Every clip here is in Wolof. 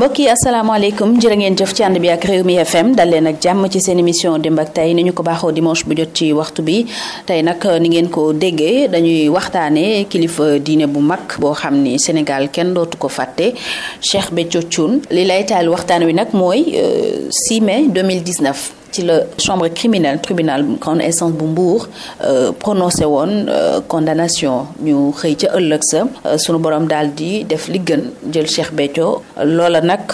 mbokk yi asalaamaaleykum jërë ngeen jëf ci ànd bi ak réew mi FM dal leen ak jàmm ci seen émission dem ak tey nañu ko baaxoo dimanche bu jot ci waxtu bi tey nag euh, ni ngeen ko déggee dañuy waxtaanee kilifa diine bu mag boo xam ni Sénégal kenn dootu ko fàtte Cheikh Béthio Thioune li lay taal waxtaan wi nag mooy 6 euh, mai 2019. ci la chambre criminelle tribunal grande instance bu Mbour euh, prononcé woon euh, condamnation ñu xëy ca ëllëg sa euh, sunu borom daal di def li gën jël Cheikh Béthio loola nag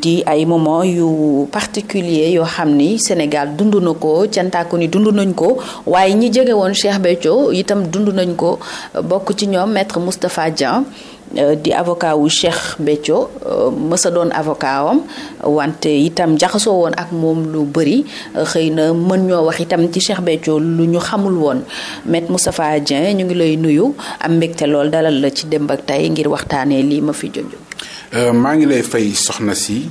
di ay moment yu particulier yoo xam ni Sénégal dund na ko cantaako ni dund nañ ko waaye ñi jege woon Cheikh Béthio itam dund nañ ko bokk ci ñoom maître Moustapha Dieng Euh, di avocat wu Cheikh Béthio euh, mësa doon avocat wante itam jaxasoo woon ak moom lu bëri euh, xëy na mën ñoo wax itam ci Cheikh Béthio lu ñu xamul woon Maître Moustapha Dieng ñu ngi lay nuyu am mbégte lool dalal la ci démb ak tey ngir waxtaanee lii ma fi jonjo maa ngi lay fay soxna si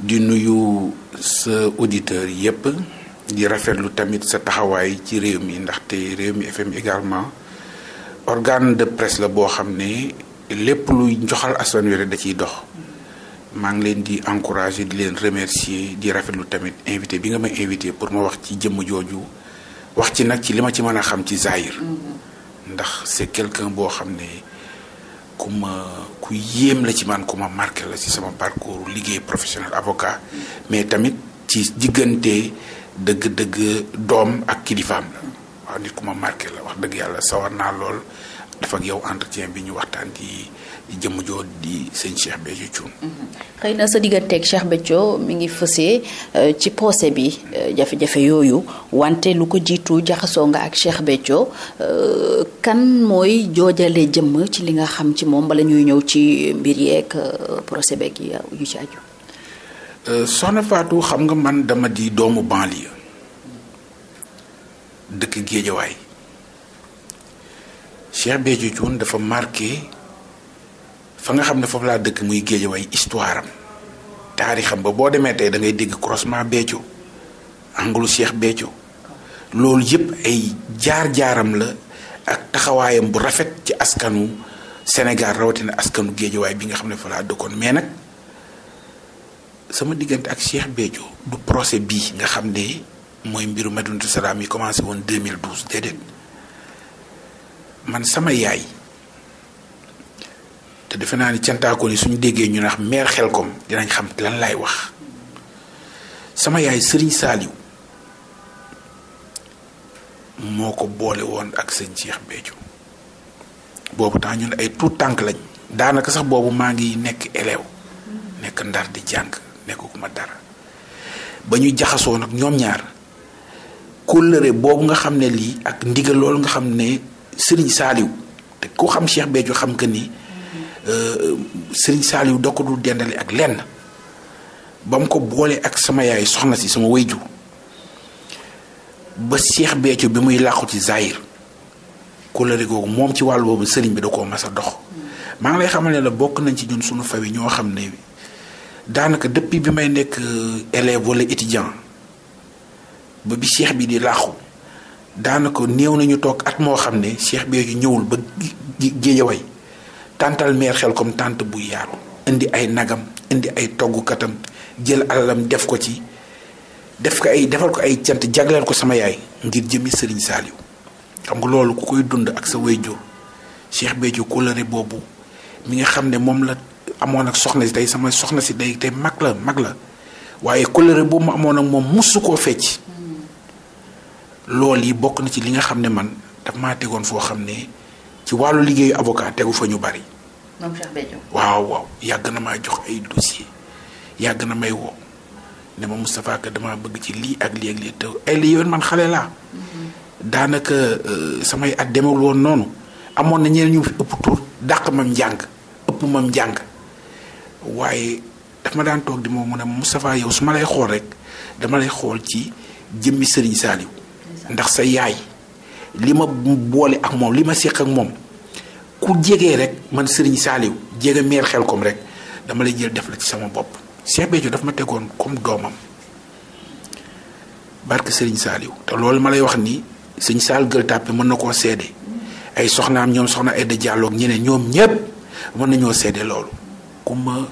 di nuyu sa auditeurs yépp di rafetlu tamit sa taxawaay ci réew mi ndaxte réew mi FM également organe de presse la boo xam ne lépp luy joxal askan wi da ciy dox maa ngi leen di encourager di leen remercier di rafetlu tamit invité bi nga ma invité pour ma wax ci jëmm jooju wax ci nag ci li ma ci mën a xam ci Zahir mm-hmm. ndax c'est quelqu'un boo xam ne ku ku yéem la ci man ma marqué la ci sama parcours liggéey professionnel avocat mais tamit ci diggante dëgg-dëgg doom ak kilifaam la waaw nit ku ma marqué la wax dëgg yàlla sawar naa lool def yow entretien bi ñu waxtaan ci jëmm joo di sëñ Cheikh Béthio Thioune. Mm-hmm. xëy na sa digganteeg Cheikh Béthio mi ngi fësee euh, ci procès bi euh, jafe-jafe yooyu wante lu ko jiitu jaxasoo nga ak Cheikh Béthio euh, kan mooy joojale jëmm ci li nga xam ci moom bala ñuy ñëw ci mbir yeeg procès beeg yu ci aju. soxna Fatou xam nga man dama di doomu banlieue dëkk Géejawaay. Cheikh Béthio Thioune dafa marqué fa nga xam ne foofu laa dëkk muy Géejawaay histoire am taarixam ba boo demee tey da ngay dégg croisement Béthio anglu Cheikh Béthio loolu yëpp ay jaar-jaaram la ak taxawaayam bu rafet ci askanu Sénégal rawatina askanu Géejawaay bi nga xam ne fa laa dëkkoon mais nag sama diggante ak Cheikh Béthio du procès bii nga xam ne mooy mbiru Madinatu Salaam yi commencé woon 2012 déedéet. man sama yaay te defe naa ni cantaakoo yi suñu déggee ñu ne wax xel xelkom dinañ xam lan laay wax sama yaay sëriñ saaliw moo ko boole woon ak sëñ Cheikh bejo boobu temps ñun ay tuut tànk lañ daanaka sax boobu maa ngi nekk élève nekk ndar di jàng ma dara ba ñu jaxasoo nag ñoom ñaar kóllëre boobu nga xam ne lii ak ndigal loolu nga xam ne Serigne Saliou te ku xam Cheikh Béthio xam que ni euh, sëriñ Saliou da ko dul dendale ak lenn ba mu ko boolee ak sama yaay soxna si sama wayju ba Cheikh Béthio bi muy làqu ci Zahir kóllëre googu moom ci wàll boobu sëriñ bi da koo masa dox maa ngi lay xamal ne la bokk nañ ci ñun suñu famille ñoo xam ne daanaka depuis bi may nekk euh, élève wala étudiant ba bi Cheikh bi di làqu daanaka néew nañu toog at moo xam ne Cheikh Béthio ñëwul ba Géejawaay tàntal meer xel comme tànt bu yaatu indi ay nagam indi ay toggukatam jël alalam def ko ci def ko ay defal ko ay cant jagleel ko sama yaay ngir jëmmi Serigne Saliou xam nga loolu ku koy dund ak sa wayjur Cheikh Béthio kóllëre boobu mi nga xam ne moom la amoon ak soxna si tey sama soxna si day tey mag la mag la waaye kóllëre boobu mu amoon ak moom musu koo fecc lool yi bokk na ci li nga xam ne man daf maa tegoon foo xam ne ci wàllu liggéeyu avocat tegu fa ñu bari. moom Cheikh Béthio waaw waaw yàgg na maa jox ay dossier yàgg na may woo ne ma Moustapha Ka damaa bëgg ci lii ak lii ak lii te ay lii yoon man xale laa. Mm-hmm. daanaka euh, samay at demewul woon noonu amoon na ñeneen ñu fi ëpp tur dàq mam njàng ëpp mam njàng waaye daf ma daan toog di ma mun a Moustapha yow su ma lay xool rek dama lay xool ci jëmmi Serigne Saliou. ndax sa yaay li ma boole ak moom li ma séq ak moom ku jegee rek man Serigne saaliw jege meer xel kom rek dama lay jël def la ci sama bopp Cheikh Béthio daf ma tegoon comme doomam barke Serigne Saliou te loolu ma lay wax nii Serigne Sall Gueule Tapée mën na koo seede ay soxnaam ñoom soxna Aïda Diallo ñeneen ñoom ñépp mën nañoo seede loolu ku ma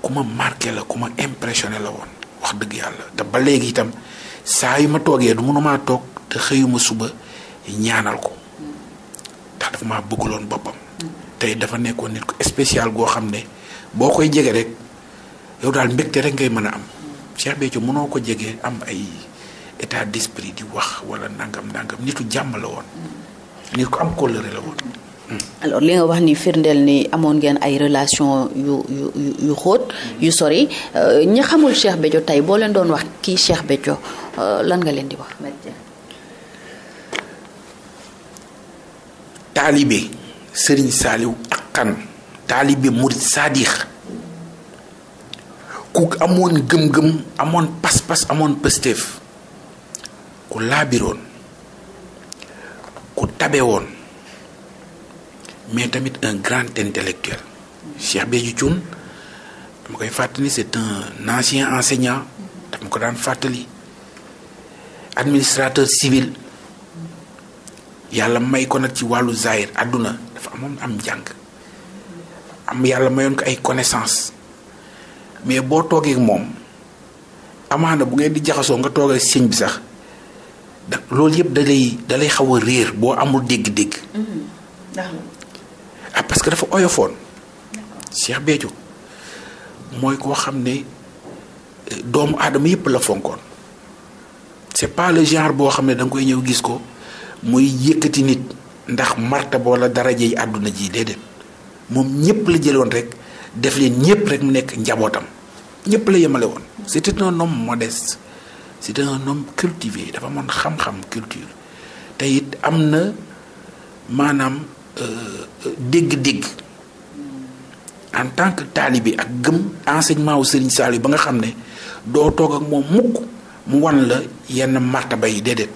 ku ma marqué la ku ma impressionné la woon wax dëgg yàlla te ba léegi itam saa yu ma toogee du mënumaa toog te xëyuma suba ñaanal ko ndax dafa ma bëggaloon boppam. tey dafa nekkoon nit ko spécial goo xam ne boo koy jege rek yow daal mbégte rek ngay mën a am. Cheikh Béthio mënoo ko jege am ay état d'esprit di wax wala ndàngam nangam nitu jàmm la woon. nit ko am kóllëre la woon. alors li nga wax ni firndeel ni amoon ngeen ay relation yu yu yu xóot yu sori euh, ñi xamul Cheikh Béthio tey boo leen doon wax kii Cheikh Béthio euh, lan nga leen di wax. taalibe Serigne Saliou Akkan taalibe Murid Sadix ku amoon gëm-gëm amoon pas-pas amoon pësteef ku laabiroon ku tabe woon mais tamit un grand intellectuel Cheikh Béthio Thioune dama koy fàttali c'est un ancien enseignant dama ko daan fàttali administrateur civil yàlla may ko nag ci wàllu zahir àdduna dafa amoon am jàng am yàlla mayoon ko ay connaissance mais boo toogee moom amaana bu ngeen di jaxasoo nga toogee sëñ bi sax da loolu yëpp da lay da lay xaw a réer boo amul dégg-dégg. Mm-hmm. ah parce que dafa oyofoon Cheikh Béthio mooy koo xam ne eh, doomu aadama yëpp la fonkoon c'est pas le genre boo xam ne da koy ñëw gis ko muy yëkkati nit ndax martaba wala daraja yi àdduna ji déedéet moom ñëpp la jëloon rek def leen ñëpp rek mu nekk njabootam ñëpp la yemale woon c'était un homme modeste c'était un homme cultivé dafa amoon xam-xam culture te it am na maanaam dégg-dégg en tant que taalibe ak gëm enseignement wu Serigne Saliou ba nga xam ne doo toog ak moom mukk mu wan la yenn martaba yi déedéet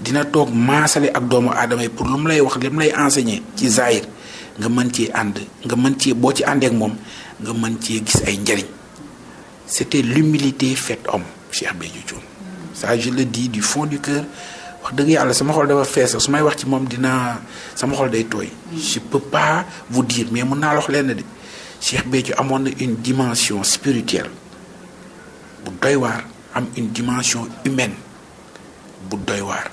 dina toog maasale ak doomu aadama yi pour lu mu lay wax li lay enseigner ci zaahir nga mën ci ànd nga mën ci boo ci àndeek moom nga mën ci gis ay njariñ c'était l'humilité faite homme Cheikh Béthio Thioune ça je le dis du fond du cœur wax dëgg yàlla sama xol dafa fees su may wax ci moom dinaa sama xol day tooy. je peux pas vous dire mais mën naa la wax lenn de Cheikh Béthio amoon na une dimension spirituelle bu doy waar am une dimension humaine bu doy waar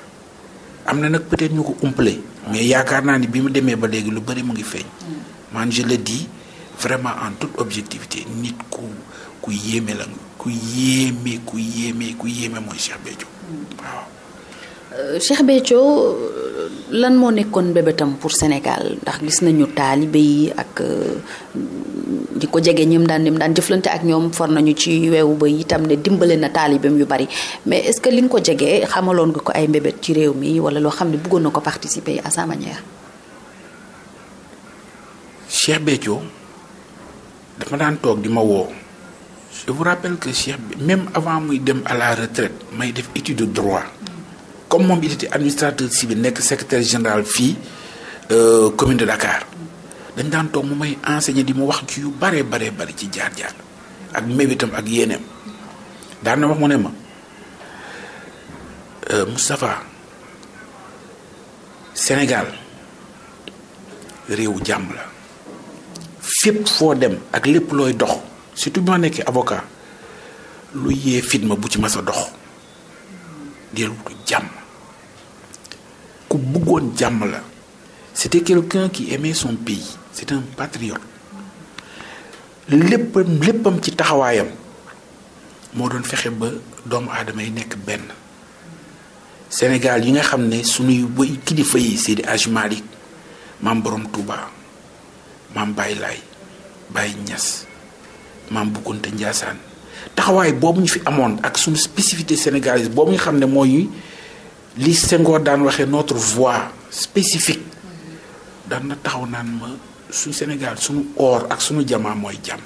am na nag peut-être ñu ko umple mais yaakaar naa ni bi mu demee ba léegi lu bari mu ngi feeñ. man je le dis vraiment en toute objectivité nit ku ku yéeme la ku yéeme ku yéeme ku yéeme mooy Cheikh Béthio waaw. Euh, Cheikh Béthio euh, lan moo nekkoon mbébétam pour Sénégal ndax gis nañu taalibe yi ak euh, di ko jege ñoom daan ñoom daan jëflante ak ñoom for nañu ci weewu ba tam ne dimbale na taalibeem yu bari mais est-ce que li nga ko jege xamaloon nga ko ay mbébét ci réew mi wala loo xam ne bëggoon na ko participer à sa manière. Cheikh dafa daan toog di ma woo. je vous que Cheikh bi même avant muy dem à la retraite may def étude de droit. comme moom il était administrateur civil nekk secrétaire général fii euh, commune de Dakar dañ daan toog mu may enseigner di mu wax ci yu bare bare bari ci jaar-jaar ak mébitam ak yéeneem daan na wax mu ne ma euh, Moustapha Sénégal réewu jàmm la fépp foo dem ak lépp looy dox surtout bi ma nekkee avocat lu yee fitma bu ci mas a dox del wutu jàmm ku bëggoon jàmm la c'était quelqu'un qui aimait son pays c'est un patriote léppam léppam ci taxawaayam moo doon fexe ba doomu aadama yi nekk benn Sénégal yi nga xam ne suñuy way kilifa yi Seydi Hadji Malick maam Borom Touba maam Baye Laye Baye Niass maam Boukounta Ndiassane taxawaay boobu ñu fi amoon ak suñu spécificité sénégalaise boobu ñu xam ne mooy li Senghor daan waxee notre voix spécifique daan na taxaw naan ma suñu Sénégal suñu or ak suñu jamaa mooy jàmm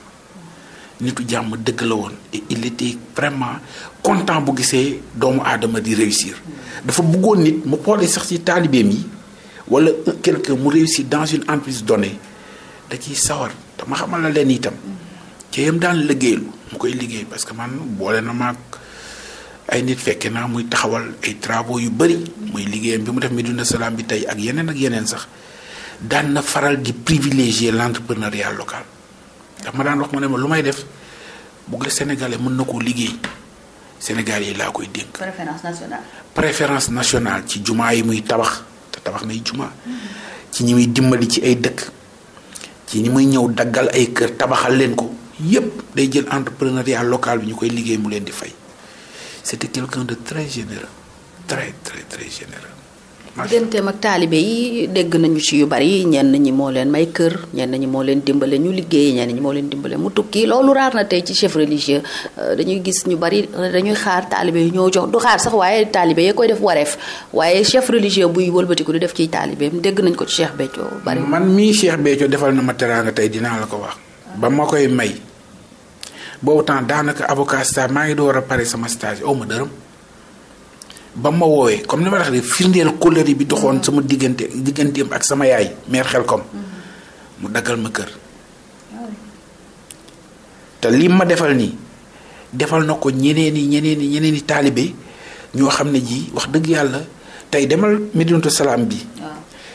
nitu jàmm dëgg la woon et il était vraiment content bu gisee doomu aadama di réussir dafa bëggoon nit mu xoolee sax ci taalibeem yi wala quelqu'un mu réussir dans une entreprise donnée da ciy sawar dama xamal na leen itam ca yam daan liggéeylu mu koy liggéey parce que man boole na maag ay nit fekke naa muy taxawal ay travaux yu bëri muy liggéeyam bi mu def Médina Salaam bi tey ak yeneen yeneen sax daan na faral di privilégier l'entrepreneuriat local ndax ma daan wax ma ne ma lu may def bu ko Sénégalais na koo liggéey Sénégal yi laa koy dénk. préférence nationale. ci jumaa yi muy tabax te tabax nay jumaa ci ñi muy dimbali ci ay dëkk ci ñi muy ñëw daggal ay kër tabaxal leen ko. yépp day jël entrepreneuriat local bi ñu koy liggéey mu leen di fay c'était quelqu'un de très généreux très très très généreux. digganteem taalibe yi dégg nañu ci yu bari ñenn ñi moo leen may kër ñenn ñi moo leen dimbale ñu liggéey ñenn ñi moo leen dimbale mu tukki loolu raar tey ci chef religieux euh, dañuy gis ñu bari dañuy xaar taalibe yi ñoo jox du sax waaye taalibe yi koy def wareef waaye chef religieux buy wëlbatiku di def ciy taalibeem dégg nañ ko ci Cheikh Béthio bari man mii Cheikh Béthio defal na ma teraanga tey dinaa la ko wax. ba ma koy may boobu temps daanaka avocat stage maa ngi war a pare sama stage aw ma dërëm ba ma woowee comme ni ma la wax firndeel kóllëre bi doxoon sama diggante digganteem ak sama yaay xel Xelkom mu daggal ma kër te li ma defal nii defal na ko ñeneen i ñeneen i ñeneen i taalibe ñoo xam ne ji wax dëgg yàlla tey demal Medinatu Salaam bi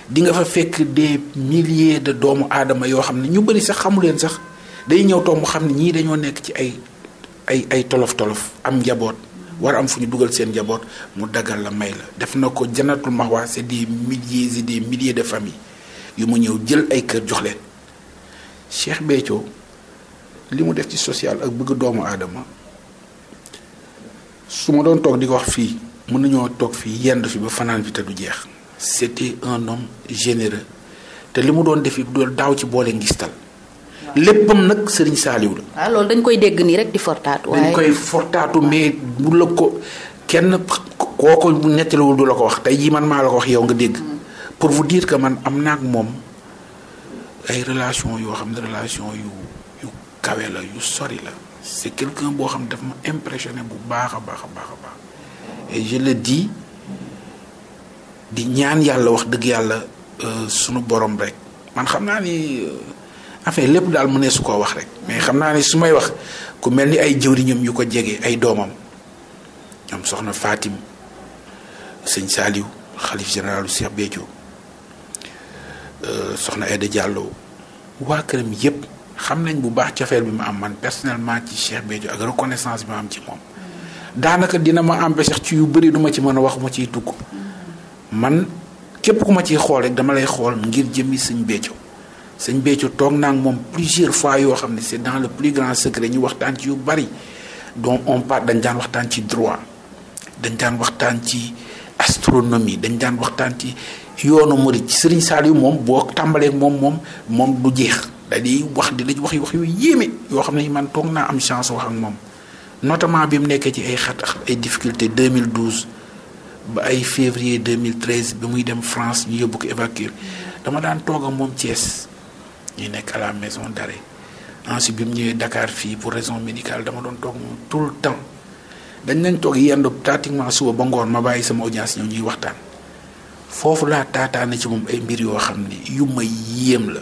di nga fa fekk des milliers de doomu aadama yoo xam ne ñu bëri sax xamu leen sax day ñëw toog mu xam ne ñii dañoo nekk ci ay ay ay tolof tolof am njaboot war am fu ñu dugal seen njaboot mu daggal la may la def na ko janatul maxwa c'est des milliers et des milliers de familles yu mu ñëw jël ay kër jox leen Cheikh Béthio li mu def ci social ak bëgg doomu aadama su ma doon toog di ko wax fii mën nañoo toog fii yendu fi ba fanaan bi te du jeex c'était un homme généreux te li mu doon def daaw ci boole ngistal léppam nag sëriñ saaliw la. waaw ah, loolu dañ koy dégg nii rek di fortaatu. waaye dañ koy fortaatu mais bu la ko kenn kooko bu nettalewul du la ko wax tey jii man maa la ko wax yow nga dégg. pour vous dire que man am naa ak moom ay relation yoo xam ne relation yu yu kawe la yu sori la. c'est quelqu'un boo xam ne daf ma impressionné bu baax a baax a baax a baax et je le dis di ñaan yàlla wax dëgg yàlla euh, sunu borom rek man xam naa ni. Euh, enfin lépp daal mu ne su koo wax rek mais xam naa ne su may wax ku mel ni ay jëwriñam yu ko jege ay doomam ñoom soxna faatim sëñ Saliou xalif généralu Cheikh Béthio euh, soxna Aïda Diallo waa këram yépp xam nañ bu baax cofeel bi ma am man personnellement ci Cheikh Béthio ak reconnaissance bi ma am ci moom daanaka dina ma empêcher ci yu bari duma ci mën a wax ma ciy tugg man képp ku ma ciy xool rek dama lay xool ngir jëmmi sëñ Béthio sëñ Béthio toog naa ak moom plusieurs fois yoo xam ne c'est dans le plus grand secret ñu waxtaan ci yu bari donc on parle dañ daan waxtaan ci droit dañ daan waxtaan ci astronomie dañ daan waxtaan ci yoonu murid ci Serigne Saliou moom boo tàmbalee moom moom moom du jeex dañuy wax di lañ wax yu wax yu yéeme yoo xam ne man toog naa am chance wax ak moom notamment bi mu nekkee ci ay xat ay difficulté 2012 ba ay février 2013 bi muy dem France ñu yóbbu ko évacuer dama daan toog moom Thiès ñu nekk à la maison d'arrêt ensuite bi mu ñëwee dakaar fii pour raison médicale dama doon toog moom tout le temps dañ nañ toog yendu pratiquement suba ba ngoon ma bàyyi sama audience ñëw ñuy waxtaan foofu laa taataane ci moom ay mbir yoo xam ni yu ma yéem la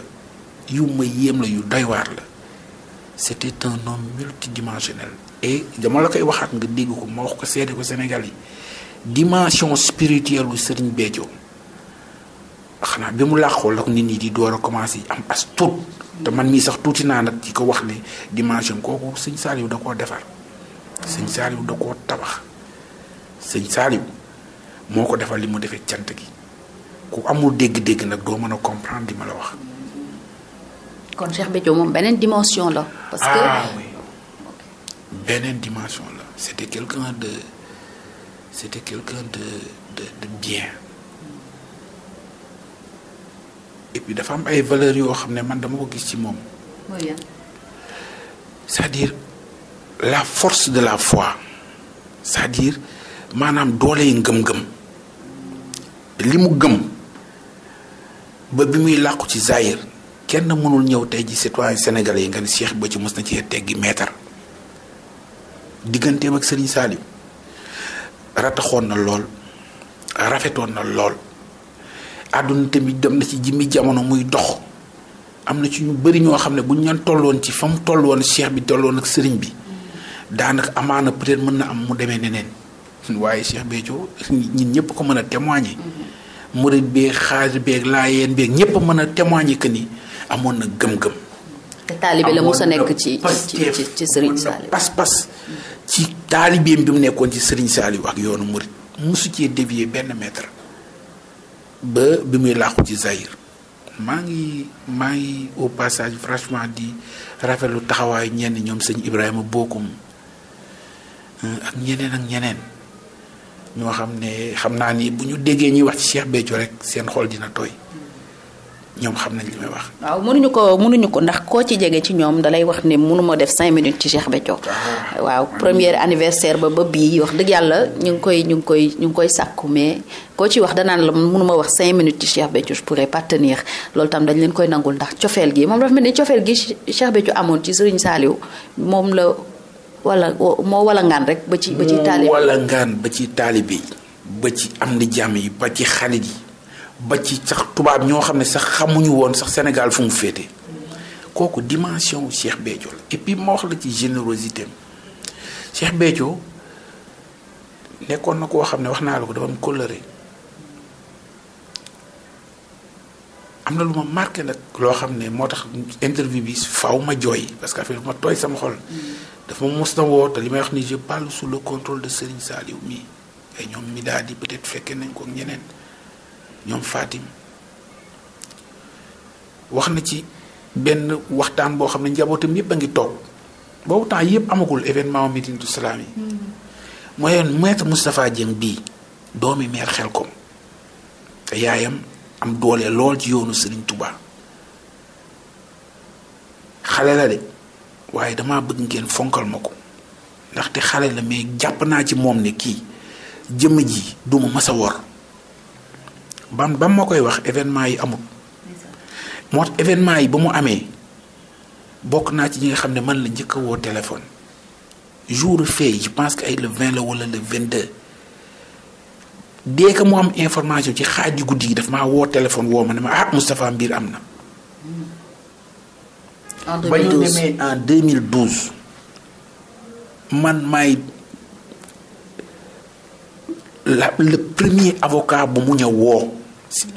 yu ma yéem la yu doy waar la c'était un homme multidimensionnel et dama la koy waxaat nga dégg ko ma wax ko seede ko Sénégal yi dimension spirituelle u Serigne Béthio xanaa bi mu làqoo la nit ñi di door a commencé am as tuut te man mii sax tuuti naa nag ci ko wax ne dimanche kooku sëñ Saliou da koo defar sëñ Saliou da ko tabax sëñ Saliou moo ko defal li mu defee cant gi ku amul dégg-dégg nag doo mën a comprendre li ma la wax. kon Cheikh Béthio moom beneen dimension la. parce que ah beneen dimension la c'était quelqu'un de c'était quelqu'un de de de bien. bi dafa am ay valeur yoo xam ne man dama ko gis ci moom cest à la force de la foi cest à maanaam doole yi ngëm-ngëm li mu gëm ba bi muy làqu ci Zaïre kenn mënul ñëw tey ji citoyen sénégalais yi nga ne ba ci mës na ci teggi meetar digganteem ak Serigne Saliou rataxoon na lool rafetoon na lool àdduna tamit dem na ci jimmi jamono muy dox am na ci ñu bëri ñoo xam ne bu ñu leen tolloon ci fa mu toll woon cheikh bi tolloon ak sëriñ bi daanaka amaana peut-être mën na am mu demee neneen waaye Cheikh Béthio ñun ñëpp ko mën a témoigner. Mm-hmm. murit beeg xaadir beeg laayeen beeg ñëpp mën a témoigner que ni amoon na gëm-gëm. te taalibe la mos a nekk ci ci ci ci Serigne Saliou pas-pas mm-hmm. ci taalibeem bi mu nekkoon ci Serigne Saliou ak yoonu murit mosu cee dévier benn mètre. ba bi muy làqu ci Zaïre maa ngi maa ngi au passage franchement di rafetlu taxawaayu ñenn ñoom sëñ Ibrahima bokkum euh, ak ñeneen ak ñeneen ñoo xam ne xam naa ni bu ñu déggee ñuy wax ci Cheikh Béthio rek seen xool dina tooy ñoom xam nañ waaw mënuñu ko mënuñu ko ndax koo ci jege ci ñoom dalay wax ni mënuma def cinq minutes ci Cheikh Béthio. Ah. waaw premier anniversaire ba ba bii wax dëgg yàlla ñu ngi koy ñu ngi koy ñu ngi koy sàkku mais koo ci wax danaan la mënuma wax cinq minutes ci Cheikh Béthio je pourrais pas loolu tam dañ leen koy nangul ndax cofeel gi moom dafa mel ni cofeel gi Cheikh Béthio amoon ci Serigne Saliou moom la wala moo wala ngaan rek. ba ci ba ci taalibe wala ngaan ba ci taalibe ba ci am ni jàmm yi ba ci xarit yi. ba ci sax tubaab ñoo xam ne sax xamuñu woon sax Sénégal fu mu féete kooku dimension Cheikh Béthio la et puis ma wax la ci générosité am Cheikh Béthio nekkoon na koo xam ne wax naa la ko dafa am coloré am na lu ma marqué nag loo xam ne moo tax interview bi faaw ma jooy parce que affaire ma tooy sama xol dafa mos na woo te li may wax ni je parle sous le contrôle de Serigne Saliou mii ay ñoom mi daal di peut-être fekkee nañ ko ñeneen ñoom Fatim wax na ci benn waxtaan boo xam ne njabootam yépp a ngi toog boobu temps yëpp amagul événement Médinatu Salaam yi. Mm. mooy maître Moustapha Dieng bii doomi meer xel ko te yaayam am doole lool ci yoonu Serigne tubaa xale la de waaye dama bëgg ngeen fonkal ma ko ndaxte xale la mais jàpp naa ci moom ne kii jëmm ji duma masa wor bam bam moo koy wax événement yi amul moo tax événement yi ba mu amee bokk naa ci ñi nga xam ne man la njëkk a woo téléphone jour fee je pense que ay le 20 la wala le 22 dès que mu am information ci xaaju guddi gi daf maa woo téléphone woo ma ne ma ah Moustapha Mbir am na. en ba ñu demee en 2012 man maay la premier avocat bu mu ñëw woo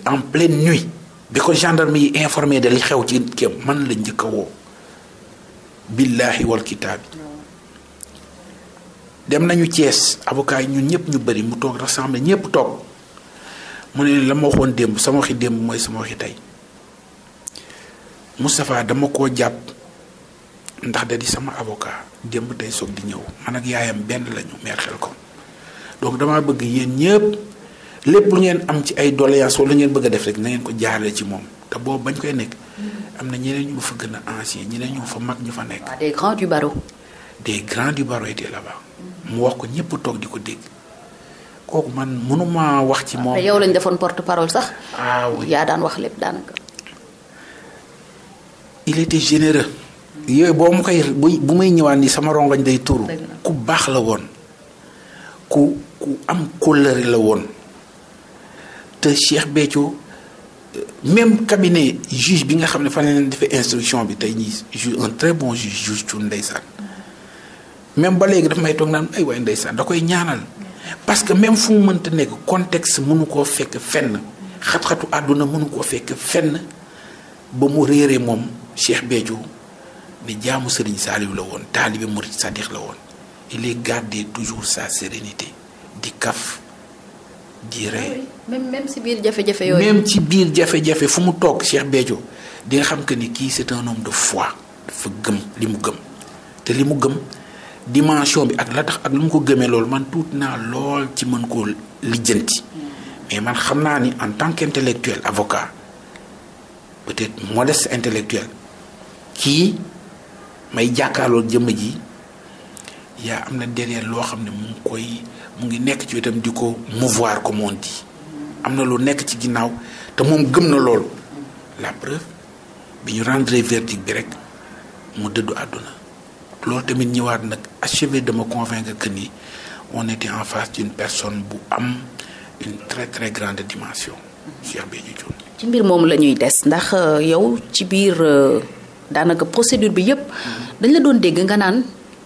en pleine nuit bi ko gendarme yi informé de li xew ci kéem man la njëkk a woo billaahi wal dem nañu cees avocat yi ñun ñëpp ñu bari mu toog rassemblé ñëpp toog mu ne la ma waxoon démb sama waxi démb mooy sama waxi tey Moustapha dama koo jàpp ndax da di sama avocat démb tey soog di ñëw man ak yaayam benn lañu meer xel ko donc damaa bëgg yéen ñëpp lépp lu ngeen am ci ay doléance wala ngeen bëgg a def rek na ngeen ko jaarale ci moom te boobu bañ koy nekk am na ñeneen ñu fa gën a ancien ñeneen ñu fa mag ñu fa nekk. Ah, des grands du barreau. des grands du barreau étaient mu wax ko ñëpp toog di ko dégg. kooku man mënuma wax ci moom. te yow lañ defoon porte parole sax. ah yaa daan wax lépp daanaka. il était généreux. yooyu boo ma koy bu may ñëwaan ni sama rongoñ day turu. ku baax la woon. ku ku am kóllëre la woon te Cheikh Béthio euh, même cabinet juge bi nga xam ne fan la leen defee instruction bi tey ñii juge un très bon juge juge Thioune ndeysaan même ba léegi daf may toog naan ay waay ndeysaan da koy ñaanal parce que même fu mu mënta nekk contexte mënu koo fekk fenn xat-xatu àdduna mënu koo fekk fenn ba mu réeree moom Cheikh Béthio ne jaamu Serigne Saliou la woon taalibe Murid Sadiq la woon. il est gardé toujours sa sérénité di kaf di rey. Ah même même si biir jafe-jafe yooyu. même ci biir jafe-jafe fu mu toog Cheikh Béthio di nga xam que ni kii c'est un homme de fois dafa gëm li mu gëm te li mu gëm dimension bi ak la tax ak lu mu ko gëmee loolu man tuuti naa lool ci mën koo lijjanti. mais man xam naa ni en tant qu'intellectuel avocat peut-être modeste intellectuel kii may jàkkaarloo jëmm ji. yaa am na derrière loo xam ne mu koy mu ngi nekk ci wetam di ko mouvoir comme on dit am na lu nekk ci ginnaaw te moom gëm na loolu la preuve bi ñu rendre verdict bi rek mu dëddu àdduna loolu tamit ñëwaat nag achevé de me convaincre que ni on était en face une personne bu am une très très grande dimension Cheikh Béthio Thioune ci mbir moomu la ñuy des ndax euh, yow ci biir euh, daanaka procédure bi yépp mm-hmm. dañ la doon dégg nga naan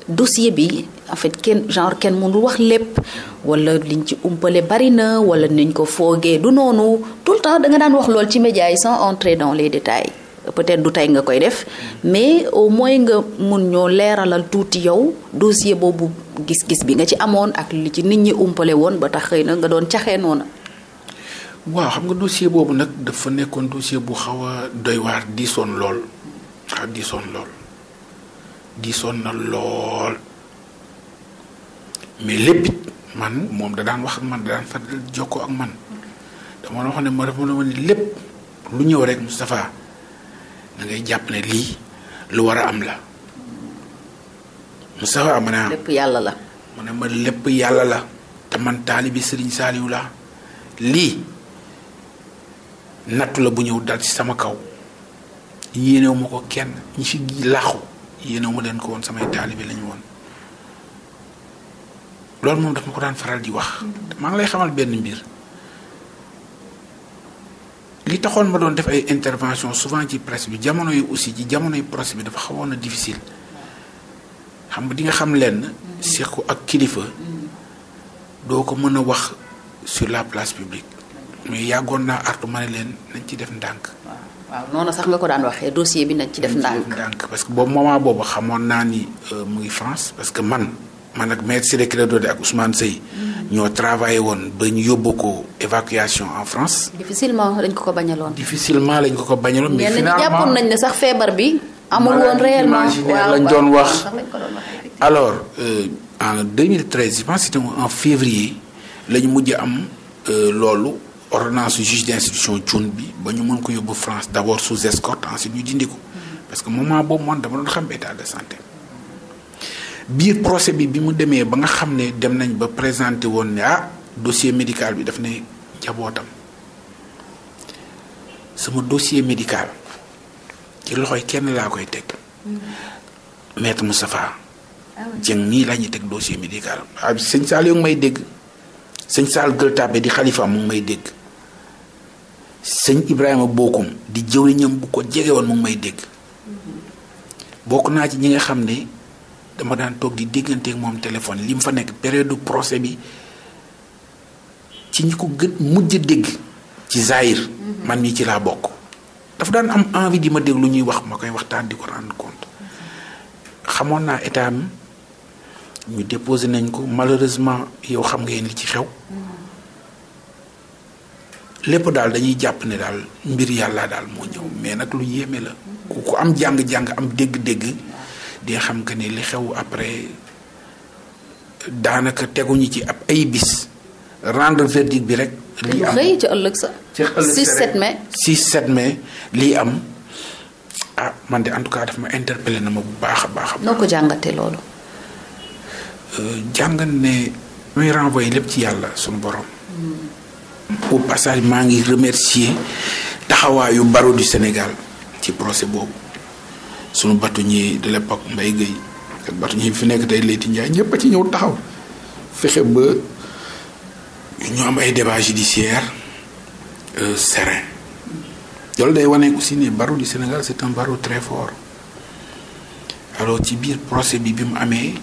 dossier bi en fait kenn genre kenn mënul wax lépp wala liñ ci umpale bari na wala niñ ko foogee du noonu tout le temps da nga daan wax lool ci médias yi sans entrer dans les détails peut-être du tey nga koy def mais au moins nga mun ñoo leeralal tuuti yow dossier boobu gis-gis bi nga ci amoon ak li ci nit ñi umpale woon ba tax xëy na nga doon caxee noona waaw xam nga dossier boobu nag dafa nekkoon dossier bu xaw a doy waar diisoon lool xaw diisoon lool. gisoon na lool mais lépp man moom da daan wax man da daan fa jokkoo ak man dama wax ne ma dafa ma ne lépp lu ñëw rek Moustapha da ngay lii lu war a am la Moustapha ma ne ah, lépp yàlla la. mu ne ma lépp yàlla la te man taalibi Serigne Saliou la lii nattu la bu ñëw dal ci sama kaw yéenewu ko kenn ñi ci laaxu. yéen mu leen ko woon samay bi lañu woon loolu moom daf ma ko daan faral di wax maa ngi lay xamal benn mbir li taxoon ma doon def ay intervention souvent ci presse bi jamono yu aussi ci jamono yu presse bi dafa xawoon na difficile xam nga di nga xam lenn seq ko ak kilifa doo ko mën a wax sur la place publique mais yàggoon naa artu ma ne leen nañ ci def ndànk waaw noonu sax nga ko daan waxee dossier bi nañ ci def ndànk parce que boobu moment boobu xamoon naa ni euh, mu ngi France parce que man man ak maître Ciré Clédor Ly ak Ousmane Seye mm. ñoo travaillé woon ba ñu yóbbu ko évacuation en France. difficilement lañ ko ko bañaloon. difficilement lañ ko ko bañaloon. mais finalement ñenn ñi jàppoon nañ sax feebar bi. amul lañ doon wax. alors euh, en 2013 je pense c'était en février lañ mujj am euh, loolu. ordonnance juge d'instruction cuun bi ba ñu mën ko yóbbu France d'abord sous escorte ensuite ñu dindi ko parce que moment boobu man dama doon xam état de santé biir procès bi bi mu demee ba nga xam ne dem nañ ba présenté woon ne ah dossier médical bi daf ne jabootam sama dossier médical ci loxo loxoy kenn laa koy teg mm-hmm. maître Moustapha ah Dieng nii la ñuy teg dossier médical ah sëñ Sall yo ngi may dégg sëñ Sall Gueule Tapée di xalifa mu ngi may dégg sëñ Ibrahima bokkum di jëwriñam bu ko jege mu ngi may dégg bokk naa ci ñi nga xam ne dama daan toog di dégganteek moom téléphone li mu fa nekk période du procès bi ci ñi ko gën mujj dégg ci Zahir. Mhm. man mi ci laa bokk. dafa daan am envie di ma dégg lu ñuy wax ma koy waxtaan di ko rendre compte xamoon naa état mi ñu déposé nañ ko malheureusement yow xam ngeen li ci xew. Mhm. lépp daal dañuy jàpp ne daal mbir yàlla daal moo ñëw mais nag lu yéeme la ku ku am jàng-jàng am dégg-dégg di xam que ni li xew après daanaka teguñu ci ab ay bis rendre verdict bi rek. lii am ci ëllëg sa. ci ëllëg sa 6 lii am ah man de en tout cas daf ma interpellé na ma bu baax a baax. noo ko jàngatee loolu. Euh, jàngat ne muy renvoyé lépp ci yàlla suñu borom. pour passage maa ngi remercier taxawaayu barreau du Sénégal ci procès boobu sunu bâtonnier de l'époque Mbaye Guèye batu bâtonnier bi fi nekk tey Leyti Ndiaye ñëpp a ci ñëw taxaw fexe ba ñu am ay débat judiciaire euh, serein loolu day wane aussi ne barreau du Sénégal c'est un barreau très fort alors ci biir procès bi bi mu amee.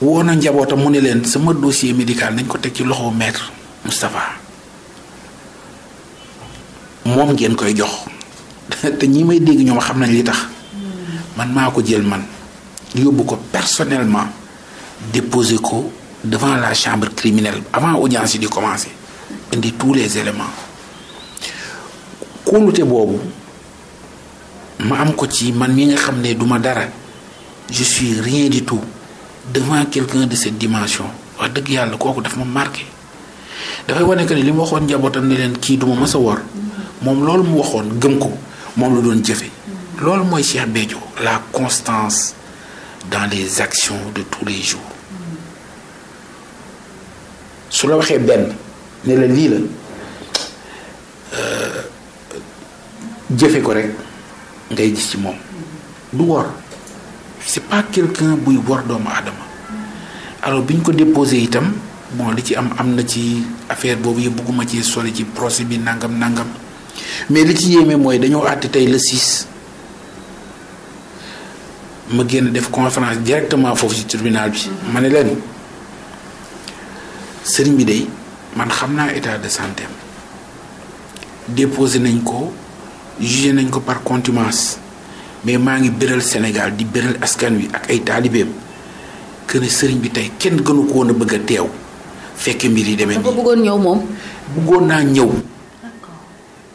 woo na njabootam mu ne leen sama dossier médical nañ ko teg ci loxo maître Moustapha moom ngeen koy jox te ñi may dégg ñoom xam nañ li tax man maa ko jël man yóbbu ko personnellement déposer ko devant la chambre criminelle avant audience yi di commencer indi tous les éléments kóolute boobu ma am ko ci man mi nga xam ne duma dara je suis rien du tout devant quelqu'un de cette dimension wax dëgg yàlla kooku daf ma marqué dafay wane que ni li mu waxoon njabootam ni leen kii duma mës a wor moom loolu mu waxoon gëm ko moom la doon jëfe loolu mooy Cheikh Béthio la constance dans les actions de tous les jours su waxee benn ne la lii la euh, jëfe ko rek ngay gis ci moom du wor ci est pas quelqu'un buy wor doomu aadama alors bi ñu ko déposé itam moo li ci am am na ci affaire boobu yëpp bëgguma ci sori ci procès bi nangam nangam mais li ci yéeme mooy dañoo àtte tey le 6 ma génn def conférence directement foofu ci tribunal bi. ma ne leen sëriñ bi day man xam naa état de santé déposé nañ ko jugé nañ ko par contumace mais maa ngi béral Sénégal di béral askan wi ak ay taalibeem que ne sëriñ bi tey kenn gënu ko a bëgg a teew fekke mbir yi demee. dafa bëggoon ñëw moom. bëggoon naa ñëw.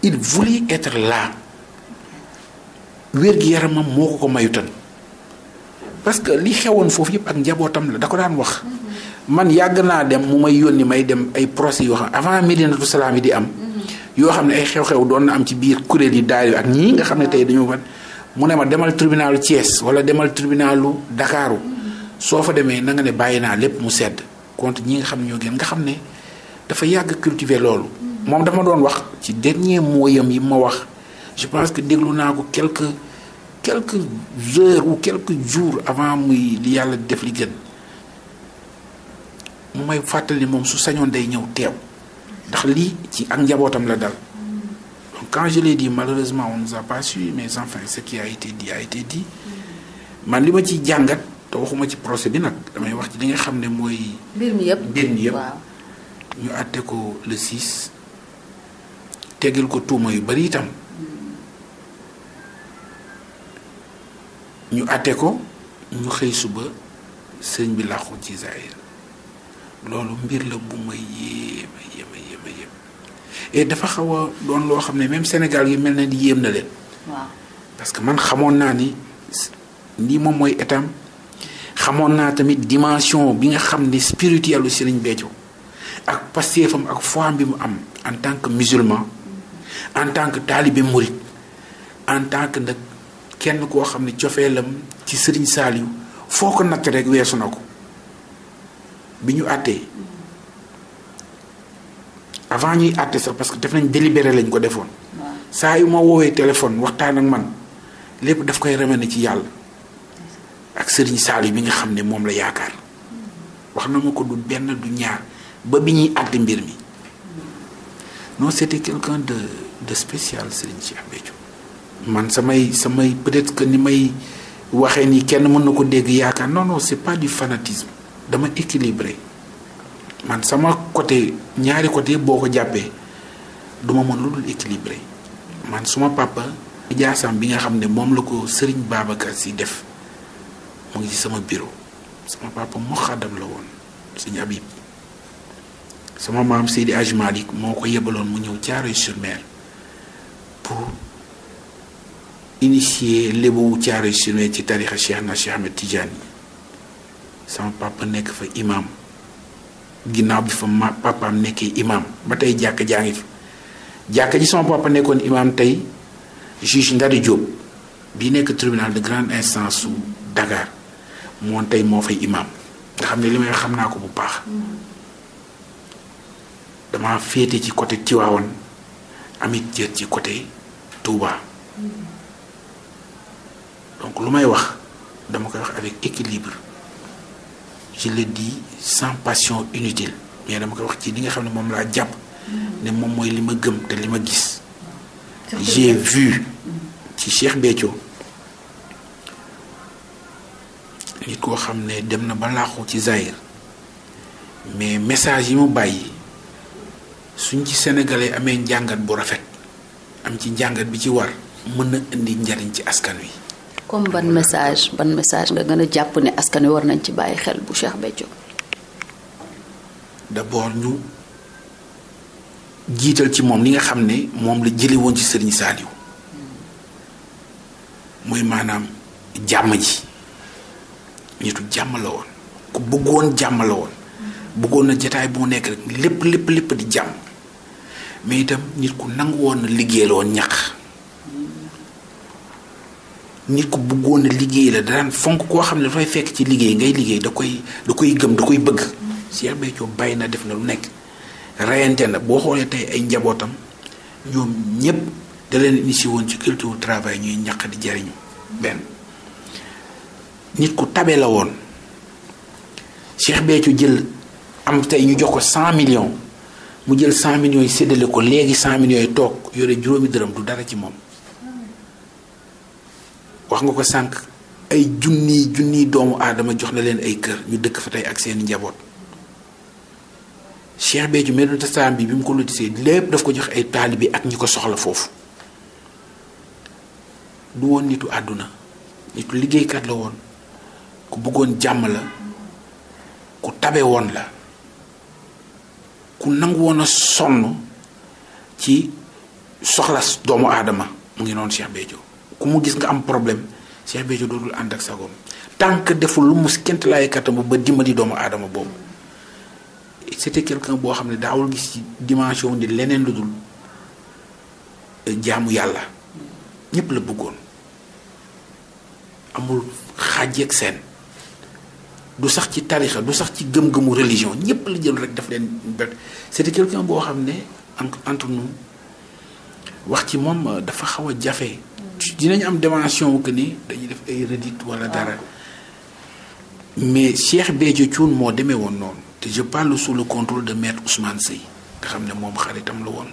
il voulait être là wér-gi-yaramam moo ko ko mayutan parce que li xewoon foofu yëpp ak njabootam la da ko daan wax. Mm-hmm. man yàgg naa dem mu may yónni may dem ay procès yoo xam avant Médinatoul Salam yi di am. Mm-hmm. yoo xam ne ay xew-xew doon na am ci biir kuréel yi daal ak ñii nga xam ne tey dañoo fan mu ne ma demal tribunalu Thiès wala demal tribunalu Dakaaru soo fa demee na nga ne bàyyi naa lépp mu sedd contre ñi nga xam ñoo gën nga xam ne dafa yàgg cultiver loolu. moom dama doon wax ci dernier mooyam yi ma wax je pense que déglu naa ko quelque quelque heures wu quelque jour avant muy li yàlla def li gën mu may fàttali moom su sañoon day ñëw teew ndax lii ci ak njabootam la dal. quand de l'ai dit malheureusement on nous a mais en ce qui a été ay a man li ma ci jàngat te waxuma ci procès bi nag damay wax ci li nga xam ne mooy. mbir mi yëpp mbir yëpp ñu àtte ko le 6 tegal ko tuuma yu bari itam ñu àtte ko ñu xëy suba sëñ bi làqu ci Zaïre loolu mbir la bu may yéeme yéeme. dafa xaw a doon loo xam ne même Sénégal yi mel na ni yéem na leen. waaw parce que man xamoon naa ni lii moom mooy étam xamoon naa tamit dimension bi nga xam ne spirituel lu Serigne Béthio ak pastéefam ak foi bi mu am en tant que musulman en tant que taalibi murit en tant que ndëkk kenn koo xam ne cofeelam ci Serigne Saliou foo ko natt rek weesu na ko bi ñu àttee. avant ñuy àtte sax parce que def nañ délibéré lañ ko defoon. saa yu ma woowee téléphone waxtaan ak man lépp daf koy remercié ci yàlla ak sëriñ Saliou bi nga xam ne moom la yaakaar wax na ma ko du benn du ñaar ba bi ñuy àtte mbir mi non c'était quelqu'un de de spécial sëriñ Cheikh Béthio man samay samay peut que ni may waxee ni kenn mën na ko dégg yaakaar non non c'est pas du fanatisme dama équilibré. man sama côté ñaari côté boo ko jàppee duma ma mën lu dul équilibré man suma papa. jaasam bi nga xam ne moom la ko Serigne Babacar si def mu ngi ci sama bureau sama papa mu xàddam la woon Serigne Habib sama maam Seydi Hadji Malick moo ko yebaloon mu ñëw Thiaroye sur pour initier lébowu Thiaroye sur ci tarixa Cheikh na Cheikh Ahmed Tidiane sama papa nekk fa imam ginnaaw bi fa ma papaam nekkee imaam ba tey jàkk jaa ngi fi jàkka ji sama papa nekkoon imaam tey juge Ndadi Diop bi nekk tribunal de grande instance su Dakar moom tey moo fay imaam nga xam ne li may xam naa ko bu baax dama féete ci côté Tivaouane amit jër ci côté Touba donc lu may wax dama koy wax avec équilibre. je le dis sans passion inutile mais dama ko wax ci li nga xam ne moom laa jàpp ne moom mooy li ma gëm te li ma gis j'ai vu ci Cheikh Béthio nit koo xam ne dem na ba laaxu ci Zaïre mais message yi mu bàyyi suñ ci sénégalais amee njàngat bu rafet am ci njàngat bi ci war mën na indi njariñ ci askan wi comme ban message ban message nga gën a jàpp ne askan wi war nañ ci bàyyi xel bu Cheikh Béthio. d'abord ñu jiital ci moom li nga xam ni moom la jëlee woon ci Serigne Saliou muy maanaam jàmm ji ñitu jàmm la woon ku bëggoon jàmm la woon. bëggoon na jataay boo nekk rek lépp lépp lépp di jàmm mais itam nit ku nangu woon na liggéeyal woon ñax. nit ku bëggoon a liggéey la daan fonk koo xam ne dafay fekk ci liggéey ngay liggéey da koy da koy gëm da koy bëgg. Cheikh Béthio bàyyi na def na lu nekk rayante na boo xoolee tey ay njabootam ñoom ñépp da leen woon ci culture travail ñuy ñaq di jariñu benn nit ku tabe la woon Cheikh Béthio jël am tey ñu jox ko cent millions mu jël cent millions yi séddale ko léegi cent millions yi toog yore juróomi dërëm du dara ci moom. wax nga ko sànq ay junni junni doomu aadama jox na leen ay kër ñu dëkk fa tey ak seen njaboot Cheikh Béthio Médina Testament bi bi mu ko lotisee lépp daf ko jox ay taalibe ak ñi ko soxla foofu du woon nitu àdduna nitu liggéeykat la woon ku bëggoon jàmm la ku tabe woon la ku nangu woon a sonn ci soxla doomu aadama mu ngi noonu Cheikh Béthio ku mu gis nga am problème Cheikh Béthio dootul ànd ak sagoom tant que deful lu mus kent laay kattam ba dimbali doomu aadama boobu c'était quelqu'un boo xam ne daawul gis ci dimension di leneen lu dul euh, jaamu yàlla ñëpp la bëggoon amul xàjjeeg seen du sax ci tarixa du sax ci gëm-gëmu religion ñëpp la jël rek daf leen bet c'était quelqu'un boo xam ne entre nous wax ci moom euh, dafa xaw a jafe dinañ am dimension wu que ni dañuy def ay redite walla dara mais Cheikh Béthio Thioune moo demee woon noonu te je parle sous le contrôle de maître Ousmane Seye nga xam ne moom xaritam la woon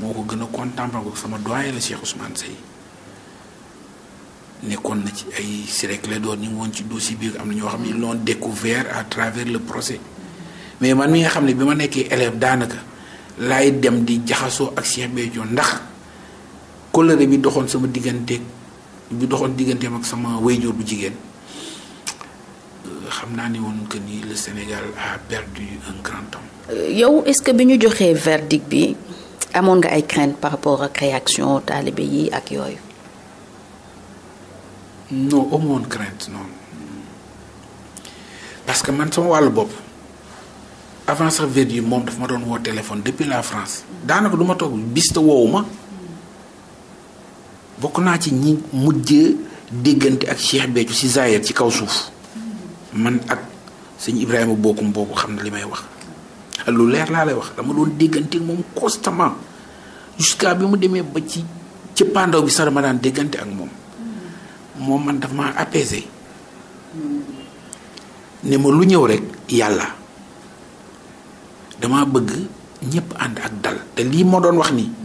moo ko gën a contempler ko sama doyen la Cheikh Ousmane Seye nekkoon na ci ay sirecle doon ñu woon ci dossier bi am na ñoo xam ne ils l'ont découvert à travers le procès mais man mi nga xam ne bi ma nekkee élève daanaka laay dem di jaxasoo ak Cheikh Béthio ndax kóllëre bi doxoon sama diggante bi doxoon digganteem ak sama wayjur bu jigéen xam naa ne woon que ni le Sénégal a perdu un grand homme. Euh, yow est-ce que bi ñu joxee verdict bi amoon nga ay craint par rapport ak réaction taalibe yi ak yooyu. non amoon crainte non parce que man sama wàllu bopp avant sax verdict yi moom dafa ma doon woo téléphone depuis la France daanaka du ma toog bis te woowu ma. bokk naa ci ñi mujj déggante ak Cheikh Béthio ci Zaire ci kaw suuf man ak sëñ Ibrahima bokkum boobu xam na li may wax lu leer laa lay wax dama doon déggante moom constamment jusqu'à bi mu demee ba ci cëppaandaw bi sax dama daan ak moom moom man dafa ma apaisé ne ma lu ñëw rek yàlla dama bëgg ñëpp ànd ak dal te lii moo doon wax nii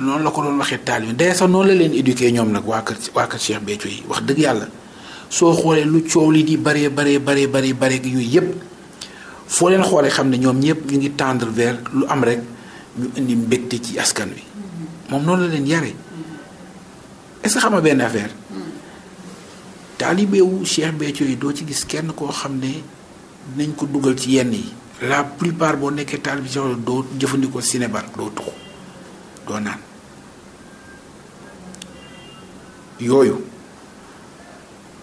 loolu la ko doon waxee taal yi day sax leen éduqué ñoom nag waa kër waa kër Cheikh Béthio yi wax dëgg yàlla soo xoolee lu coow li di bëree bëree bëree bëri bëri yooyu yëpp foo leen xoolee xam ne ñoom ñëpp ñu ngi tendre vers lu am rek ñu indi mbégte ci askan wi moom noonu la leen yare est xam nga benn affaire taalibewu Cheikh Béthio yi doo ci gis kenn koo xam ne nañ ko dugal ci yenn yi la plupart boo nekkee taalibe doo jëfandikoo sinébar doo tuxu doo naan yooyu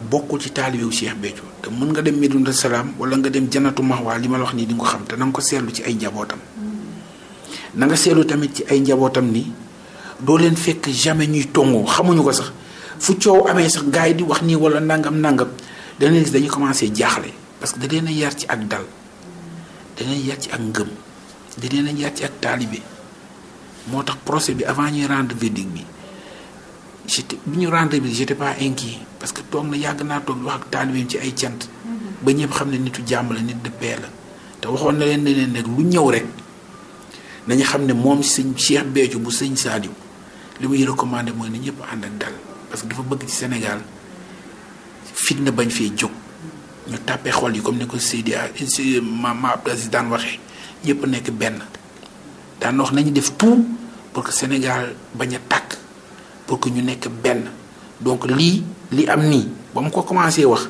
bokkul ci taalibewu Cheikh Béthio te mën nga dem Medina Salaam wala nga dem Janatu Mahwa li ma la wax nii di nga ko xam te na ko seetlu ci ay njabootam na nga seetlu tamit ci ay njabootam ni doo leen fekk jamais ñuy tongoo xamuñu ko sax fu coow amee sax gars yi di wax nii wala nangam nangam danañ dañuy commencé jaaxle parce que da leen yar ci ak dal da leen yar ci ak ngëm da leen a yar ci ak taalibe moo tax procès bi avant ñuy rendre verdict bi j'étais bi ñu rendre bi j'étais pas inquiet parce que toog na yàgg naa toog wax ak taalibeem ci ay cant. Mm-hmm. ba ñëpp xam ne nitu jàmm la nit de la te waxoon na leen ne leen rek lu ñëw rek nañu xam ne moom sëñ Cheikh Béthio bu sëñ Saliou li muy recommandé mooy na ñëpp ànd ak dal parce que dafa bëgg ci Sénégal fitna bañ fee jóg ñu tàppee xol yi comme ni ko Seydi ma ma daan waxee ñëpp nekk benn. daan wax nañu def tout pour que Sénégal bañ a tàkk pour que ñu nekk benn donc lii li am nii ba mu ko commencé wax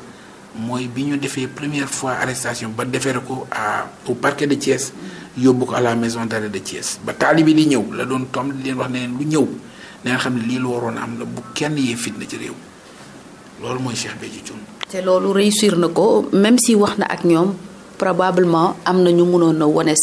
mooy bi ñu defee première fois arrestation ba defere ko à au parquet de Thiès yóbbu ko à la maison d'arrêt de Thiès ba taalibi di ñëw la doon tom leen wax ne leen lu ñëw na xam ne lii lu waroon am la bu kenn yee fitna ci réew loolu mooy Cheikh Béthio Thioune. te loolu réussir na ko même si wax na ak ñoom probablement am na ñu mënoon wone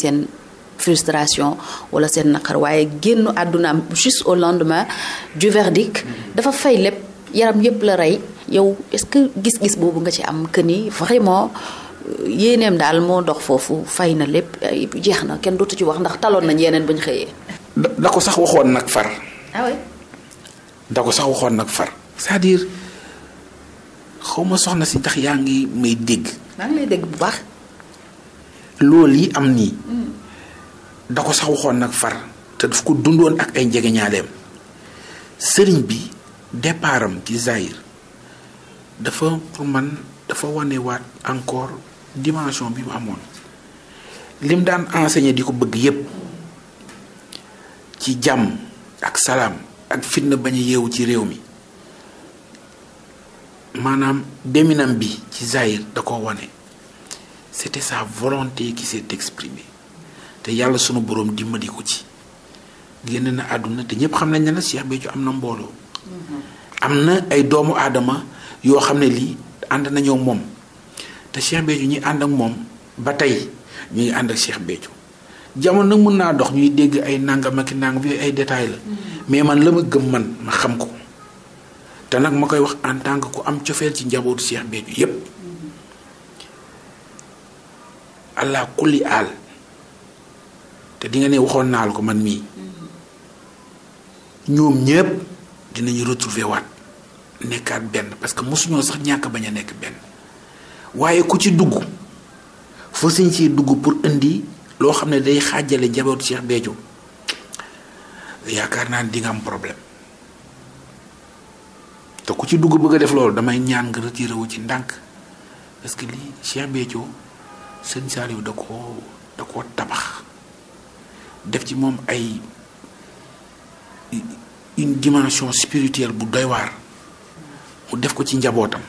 frustration wala seen naqar waaye génn àddunaam juste au lendemain du verdict dafa fay lépp yaram yépp la rey yow est-ce que gis-gis boobu nga ci am que ni vraiment euh, yéeneem daal moo dox foofu fay na lépp jeex na kenn dootu ci wax ndax taloon nañ yeneen ba ñu xëyee. da ko sax waxoon nag far. ah oui. sax waxoon nag far cest à xaw ma soxna si ndax yaa ngi may dégg. maa ngi lay dégg bu baax. loolu yi am nii. Hmm. da ko sax waxoon nag far te daf ko dundoon ak ay jegeñaaleem sëriñ bi départam ci Zaïre dafa pour man dafa wanewaat encore dimension bi mu amoon lim daan enseigné di ko bëgg yépp ci jàmm ak salaam ak fitna bañ a yeewu ci réew mi maanaam deminam bi ci Zaïre da ko wane c'était sa volonté qui te yàlla sunu boroom dimbali ko ci génn na àdduna te ñëpp xam nañ ne ne Cheikh Béthio am na mbooloo. Mm-hmm. am na ay doomu aadama yoo xam ne lii ànd nañoo moom te Cheikh Béthio ñuy ànd ak moom ba tey ñuy ànd ak Cheikh Béthio jamono mën naa dox ñuy dégg ay nangam ak nangam yooyu ay détails la. Mm-hmm. mais man la ma gëm man ma xam ko te nag ma koy wax en tant que ku am cofeel ci njabootu Cheikh beeju yépp mm-hmm. allah kulli aal. te dinga ne waxoon naa la ko man mii ñoom ñëpp dinañu retrouver waat nekkaat benn parce que mosuñoo sax ñàkk bañ a nekk benn waaye ku ci dugg fa sañ see dugg pour indi loo xam ne day xaajale jabootu Cheikh Béthio yaakaar naa ne di am problème te ku ci dugg bëgg a def loolu damay ñaan nga retiré wu ci ndànk parce lii Cheikh Béthio sëñ Saliou da koo da koo tabax def ci moom ay une dimension spirituelle bu doy waar mu def ko ci njabootam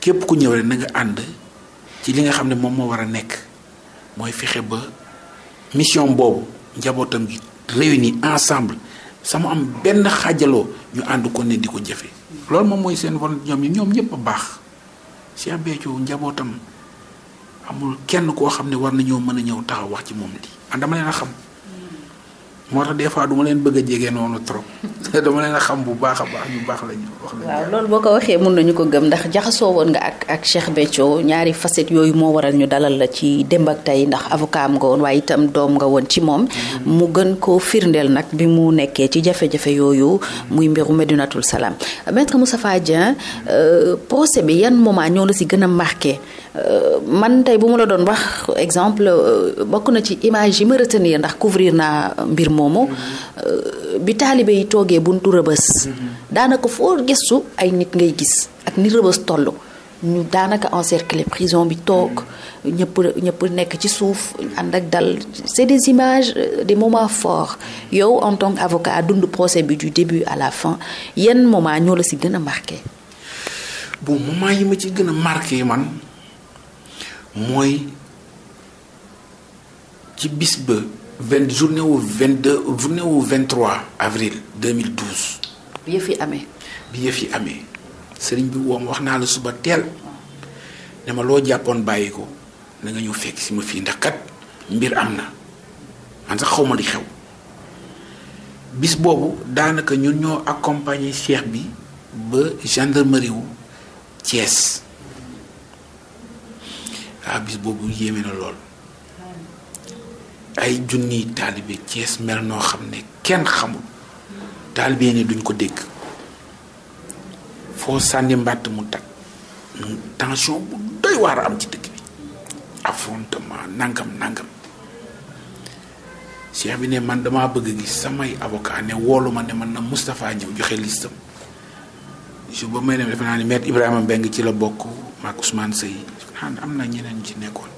képp ku ñëw rek na nga ànd ci li nga xam ne moom moo war a nekk mooy fexe ba mission boobu njabootam gi réunis ensemble sama am benn xaajaloo ñu ànd ko ne di ko jëfe loolu moom mooy seen volonté ñoom yi ñoom ñëpp a baax Cheikh Béthio njabootam amul kenn koo xam ne war nañoo mën a ñëw taxaw wax ci moom lii man dama leen a xam moo tax des fois duma leen bëgg a jege noonu trop dama leen a xam bu baax a baax ñu baax lañu wax loolu boo ko waxee mun nañu ko gëm ndax jaxasoo woon nga ak ak Cheikh Béthio ñaari facettes yooyu moo waral ñu dalal la ci démb ak tey ndax avocat nga woon waaye itam doom nga woon ci moom mm-hmm. mu gën koo firndeel nag bi mu nekkee ci jafe-jafe yooyu muy mbiru Medinatul Salaam maître Moustapha Dieng euh, procès bi yan moment ñoo la si gën a marqué Euh, man tey bu ma la doon wax exemple euh, bokk na ci image yi ma retenir ndax couvrir naa mbir moomu euh, bi taalibe yi toogee buntu rëbës mhm. daanaka foo gëstu ay nit ngay gis ak ni rëbës toll ñu daanaka encercler prison bi toog mhm. ñëpp ñëpp nekk ci suuf ànd ak dal c'est des images des moments forts yow en tant qu'avocat dund procès bi du début à la fin yenn moment ñoo la si gën a marqué bon moment yi ma ci gën a marqué man mooy ci bis ba vingt journée wu vingt deux journée wu vingt trois avril deux mille douze. bi yëf yi amee. bi yëf yi sëriñ bi woom wax naa la suba teel dama loo jàppoon bàyyi ko na nga ñëw fekk si ma fii ndax kat mbir am na man sax xaw ma di xew bis boobu daanaka ñun ñoo accompagner cheikh bi ba gendarmerie wu Thiès. ah boobu yéeme na lool ay junniy taalibe Cees mel noo xam ne kenn xamul taalibe ne duñ ko dégg foo sànni mbàtt mu tag tension bu doy waar am ci dëkk bi affrontement nangam nangam cheikh bi ne man damaa bëgg gis samay avocat ne woolu ma ne man na Moustapha ñëw joxe listam jour ba may dem defe naa ne maître Ibrahima Mbengue ci la bokk maak Ousmane Sey am na ñeneen ñu ci nekkoon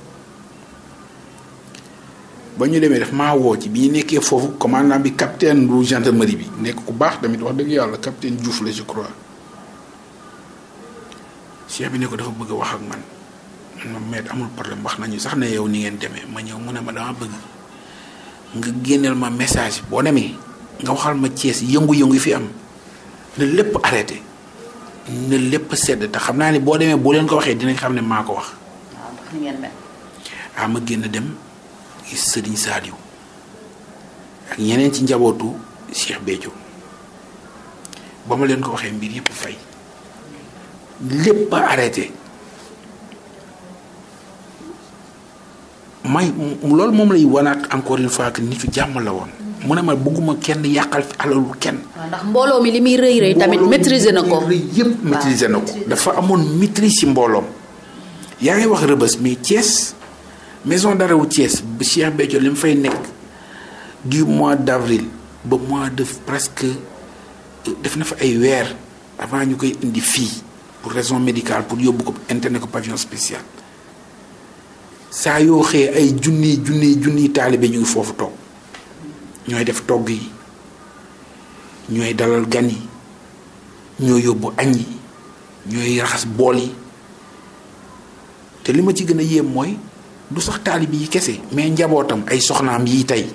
ba ñu demee daf maa woo ci bi ñu nekkee foofu commandant bi capitaine bu gendarmerie bi nekk ku baax tamit wax dëgg yàlla capitaine Diouf su je crois chef bi ne ko dafa bëgg a wax ak man man ma met amul problème wax nañu sax ne yow ni ngeen demee ma ñëw mun ne ma dama bëgg nga génneel ma message boo demee nga waxal ma Thiès yëngu-yëngu yi fi am ne lépp arrêté. na lépp sedd te xam naa ne boo demee boo leen ko waxee dinañ xam ne maa ko wax. ah ma génn dem gis sëriñ Saliou ak ñeneen ci njabootu Cheikh Béthio ba ma leen ko waxee mbir yëpp fay lépp a arrêté may loolu moom lay wanaat encore une fois que fi jàmm la woon. mu ne ma bëgguma kenn yàqal fi alalu kenn. ndax mbooloo mi li muy rëy rëy tamit maîtriser na ko mbooloo yëpp maîtriser na ko. dafa amoon maîtrise ci mbooloom. yaa ngi wax rëbës mais Thiès maison d'arrêt wu Thiès bu Cheikh Béthio li mu fay nekk gi mois d'avril ba mois de presque euh, def na fa ay weer avant ñu koy indi fii pour raison médical pour yóbbu ko interne ko pavillon spécial saa yoo xëyee ay junni junni junniy taalibe ñu ngi foofu toog. ñooy def togg yi ñooy dalal gan yi ñoo yóbbu añ yi ñooy raxas bool yi te li ma ci gën a yéem mooy du sax taalib yi kese mais njabootam ay soxnaam yi tey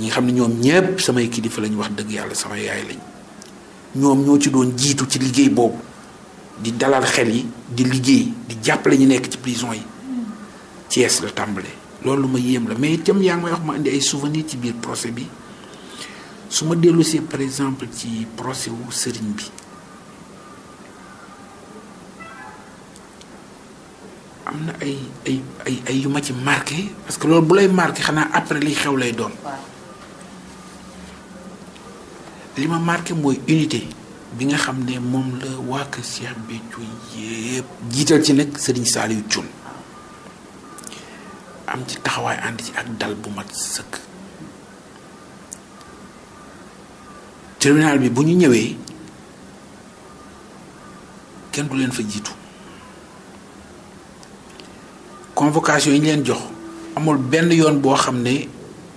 ñi xam ne ñoom ñépp samay kilifa lañ wax dëgg yàlla sama yaay lañ ñoom ñoo ci doon jiitu ci liggéey boobu di dalal xel yi di liggéey di jàppale ñu nekk ci prison yi Thiès la tàmbalee. loolu lu ma yéem la mais itam yaa ngi may wax ma indi ay souvenir ci biir procès bi su ma dellusee par exemple ci procès wu sëriñ bi am na ay ay ay ay yu ma ci marqué parce que loolu bu lay marqué xanaa après li xew lay doon li ma marqué mooy unité bi nga xam ne moom la waa kër Cheikh Béthio yépp jiital ci nekk Serigne Saliou Thioune ci taxawaay ànd ci ak dal bu mat sëkk tribunal bi bu ñu ñëwee kenn du leen fa jiitu convocation yi ñu jox amul benn yoon boo xam ne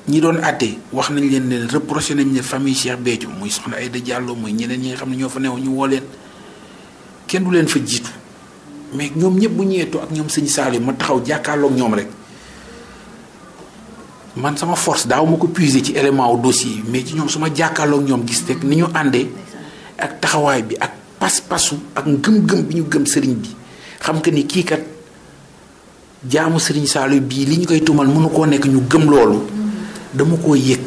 ñi doon àtte wax nañ leen ne reproché nañ ne famille Cheikh Béthio muy soxna Aïda Diallo muy ñeneen ñi nga xam ne ñoo fa new ñu woo leen kenn du leen fa jiitu mais ñoom ñëpp bu ñëwee ak ñoom sëñ Saliou ma taxaw jàkkaarloog ñoom rek man sama force daaw ma ko puiser ci élément wu dossier yi mais ci ñoom su jàkkaalook ñoom gis rek ni ñu àndee ak taxawaay bi ak pas-pasu ak ngëm-ngëm bi ñu gëm sëriñ bi xam que ni kii kat jaamu sëriñ Saalu bii li ñu koy tuumal mënu koo nekk ñu gëm loolu dama koo yëg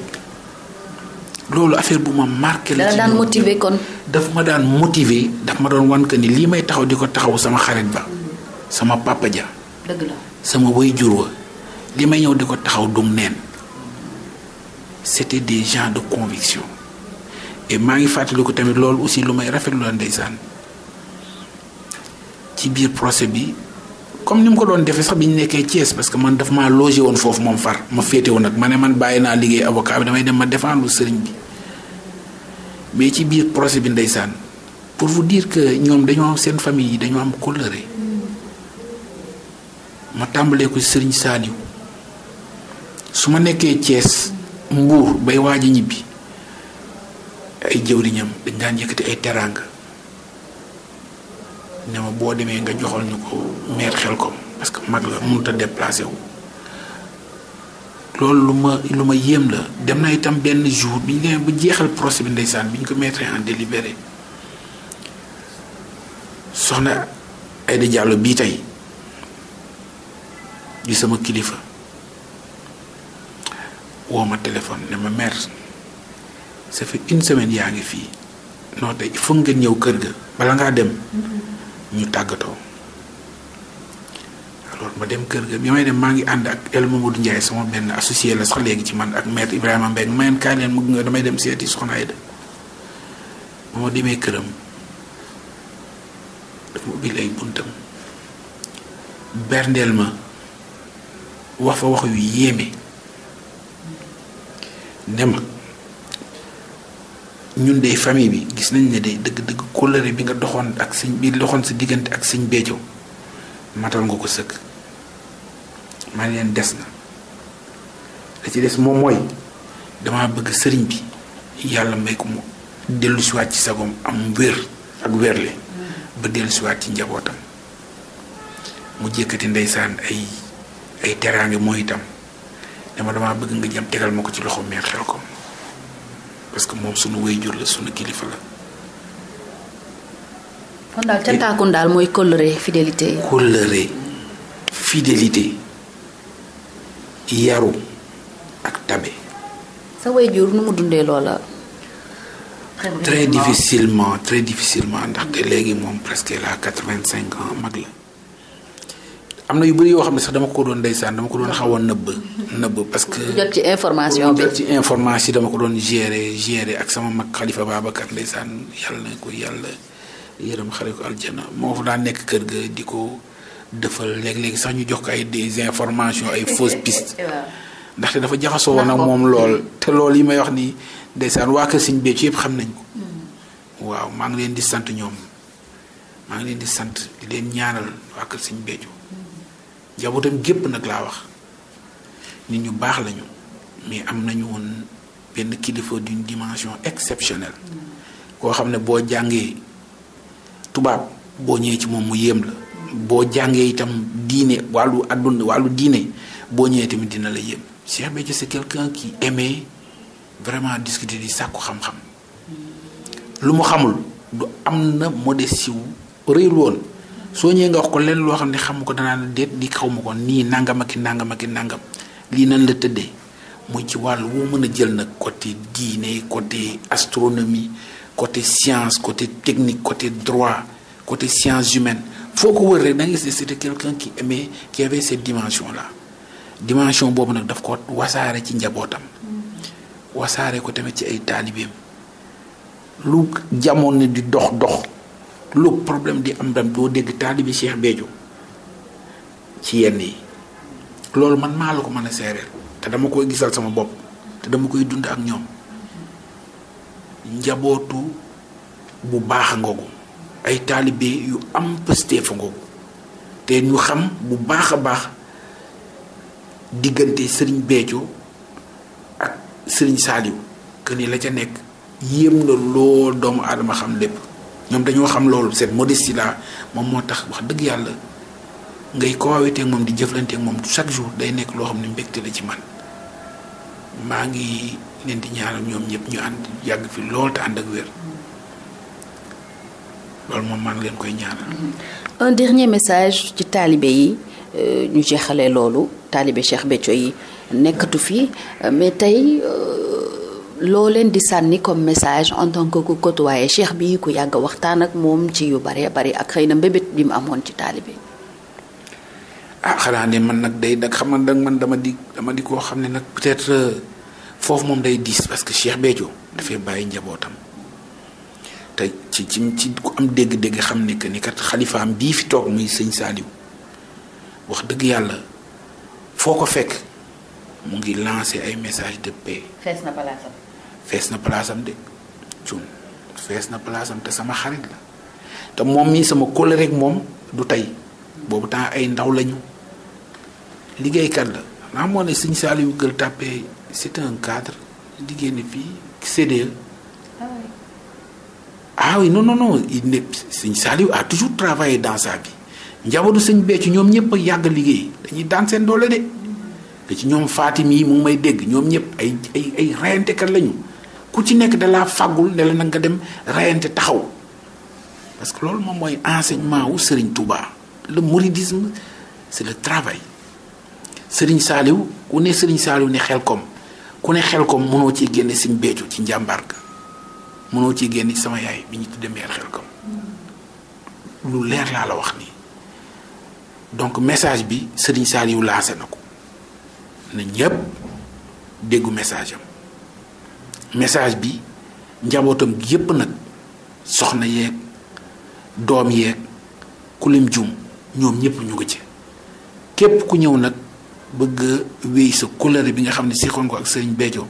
loolu affaire bu ma marqué la. ci daan kon. daf ma daan motiver daf ma doon wan que ni lii may taxaw di ko taxaw sama xarit ba sama papa ja dëgg sama way jur wa li may ñëw di ko taxaw du neen c'était des gens de conviction et maa ngi fàttaliku tamit loolu aussi lu may rafet la ndeysaan ci biir procès bi comme ni mu ko doon defee sax bi ñu nekkee Thiès parce que man daf ma logé woon foofu moom far ma féetewu nag ma ne man bàyyi naa liggéey avocat bi damay dem ma défendre sëriñ bi mais ci biir procès bi ndeysaan pour vous dire que ñoom dañoo am seen famille yi dañoo am colère ma tàmbalee ko sëriñ Saliou su ma nekkee Thiès Mbour bay waaj a ñibbi ay jëwliñam dañ daan yëkkati ay teraanga ne ma boo demee nga joxal ñu ko meer xel ko parce que mag la mënut a déplacé wu. loolu lu ma lu ma yéem la dem na itam benn jour bi ñu demee ba jeexal procès bi ndeysaan bi ñu ko mettre en délibéré soxna Aïda Diallo bii tey di sama kilifa. woo ma téléphone ne ma mère ça fait une semaine yaa ngi fii noo te il nga ñëw kër ga bala ngaa dem mhm. ñu tàggatoo alors ma dem kër ga bi may dem maa ngi ànd ak El Mamadou Ndiaye sama benn associé la sax léegi ci man ak maître Ibrahima Mbengue ma leen kaay leen mu nga damay dem seeti Soxna Aida ba ma demee këram dafa ubbil ay buntam berndeel ma wax fa wax yu yéeme. ne ma ñun dey famille bi gis nañ ne day dëgg-dëgg kóllëre bi nga doxoon ak sëñ bi loxoon sa diggante ak sëñ Béthio matal nga ko sëkk ma ne leen des na la ci des moom mooy dama bëgg sëriñ bi yàlla may ko mu dellu ci sagoom am wér ak wérle ba dellu ci njabootam mu jékkati ndeysaan ay ay teraange mooy itam ne damaa bëgg nga jëm tegal ma ko ci loxo meer xel ko parce que moom sunu wéyjur la sunu kilifa la. kon daal cantaakun daal mooy kóllëre fidélité. kóllëre fidélité yaru ak tabe. sa wéyjur nu mu dundee loola. très difficilement très difficilement ndaxte léegi moom presque la quatre vingt cinq ans mag la. am na yu bëri yoo xam ne sax dama ko doon ndeysaan dama ko doon xaw a nëbb nëbb parce que jot ci information bi jot ci information dama ko doon gérer gérer ak sama mag xalifa Babacar ndeysaan yàlla na ko yàlla yërëm xare ko aljana ga di ko dëfal léegi sax ñu jox ko ay des informations ay fausses pistes ndaxte dafa jaxasoo woon ak moom lool te lool yi may wax ni ndeysaan waa kër Sëñ Béthio yëpp xam nañ ko hmm. waaw maa ngi leen di sant ñoom maa ngi leen di sant di leen ñaanal waa kër Sëñ Béthio njabootam gépp nag laa wax nit ñu baax lañu mais am nañu woon benn kilifa du dimension exceptionnelle koo xam ne boo jàngee tubaab boo ñëwee ci moom mu yéem la boo jàngee itam diine wàllu àdduna wàllu diine boo ñëwee tamit dina la yéem Cheikh Béthio c'est quelqu'un qui aimait vraiment discuter di sàkku xam-xam lu mu xamul du am na modestie wu réyul woon soo ñëwee nga wax ko leen loo xam ne xamu ko danaa ne déet di xaw ma ko nii nangam ak i nangam ak i nangam lii nan la tëddee muy ci wàllu woo mën a jël nag côté diine côté astronomie côté science côté technique côté droit côté science humaine foo ko wër rek da nga gis ne c'était quelqu'un qui aimait qui avait cette dimension là dimension boobu nag daf ko wasaare ci njabootam wasaare ko tamit ci ay taalibeem lu jamono di dox dox. lu problème di am dam doo dégg taalibi Cheikh Béthio ci yenn yi loolu man maa la ko mën a seereel te dama koy gisal sama bopp te dama koy dund ak ñoom njabootu bu baax a ngoogu ay taalibe yu am pëstee fa ngoogu te ñu xam bu baax a baax diggante sëriñ Béthio ak sëriñ Saliou que ni la ca nekk yéem na loo doomu aadama xam lépp ñoom dañoo xam loolu cette modestie là moom moo tax wax dëgg yàlla ngay coowetee moom di jëflantee moom chaque jour day nekk loo xam ne mbégte la ci man maa ngi leen di ñaanal ñoom ñëpp ñu ànd yàgg fi lool te ànd ak wér loolu moom maa ngi leen koy ñaanal. un dernier message ci taalibe yi euh, ñu jeexalee loolu taalibe Cheikh Béthio yi nekkatu fi euh, mais tey. Euh, loo leen di sànni comme message en tant que ku waaye cheikh bi ko yàgg waxtaan ak moom ci yu bare bari ak xëy na mbébét bi mu amoon ci taalibe ah xanaa ne man nag day nag xam nga man dama di dama di koo xam ne nag peut-être euh, foofu moom day diis parce que Cheikh Béthio dafay bàyyi njabootam te ci ci ci am dégg-dégg xam ne que ni kat xalifaam bii fi toog muy sëñ Saliou wax dëgg yàlla foo ko fekk mu ngi lancé ay message de paix. fees na place am de fees na place te sama xarit la te moom mii sama kóllëre rek moom du tey boobu temps ay ndaw lañu liggéeykat la naa moo ne Sëñ Saliou Gueule Tapée c'est un cadre liggéey na fii CDE ah, ah oui non non non il ne Sëñ Saliou a toujours travaillé dans sa sëñ beccu ñoom ñëpp a yàgg liggéey dañuy daan seen doole de te ci ñoom Fatim yi mu ngi may dégg ñoom ñëpp ay ay ay reyantekat lañu ku ci nekk da laa fàggul ne la nag nga dem rayante taxaw parce que loolu moom mooy ensegnement wu Serigne Touba le mouridisme c'est le travail Serigne Saliou ku ne Serigne Saliou ne xel koom ku ne xel Xelkom mënoo ci génne sim beeju ci njàmbaar ga mënoo ci génne sama yaay bi ñu tuddee meer Xelkom lu leer laa la wax nii donc message bi Serigne Saliou lancé na ko na ñëpp déggu message am. message bi njabootam gi yépp nag soxna yeeg doom yeeg kulim jum ñoom ñëpp ñu ngi ci képp ku ñëw nag bëgg a wéy sa couleur bi nga xam ne sixoon ko ak sëriñ Béthio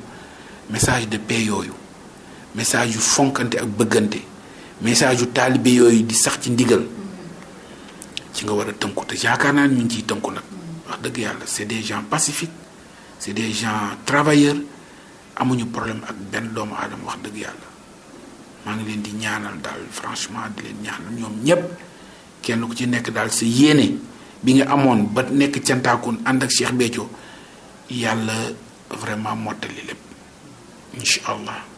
message de paix yooyu message yu fonkante ak bëggante message yu taalibe yooyu di sax ci ndigal ci nga war a tënku te yaakaar naa ñu ngi ciy tënku nag wax dëgg yàlla c'est des gens pacifique c'est des gens travailleurs amuñu problème ak benn doomu aadama wax dëgg yàlla maa ngi leen di ñaanal daal franchement di leen ñaanal ñoom ñépp kenn ku ci nekk daal si yéene bi nga amoon ba nekk cantaakoon ànd ak Cheikh Béthio yàlla vraiment mottali lépp incha allah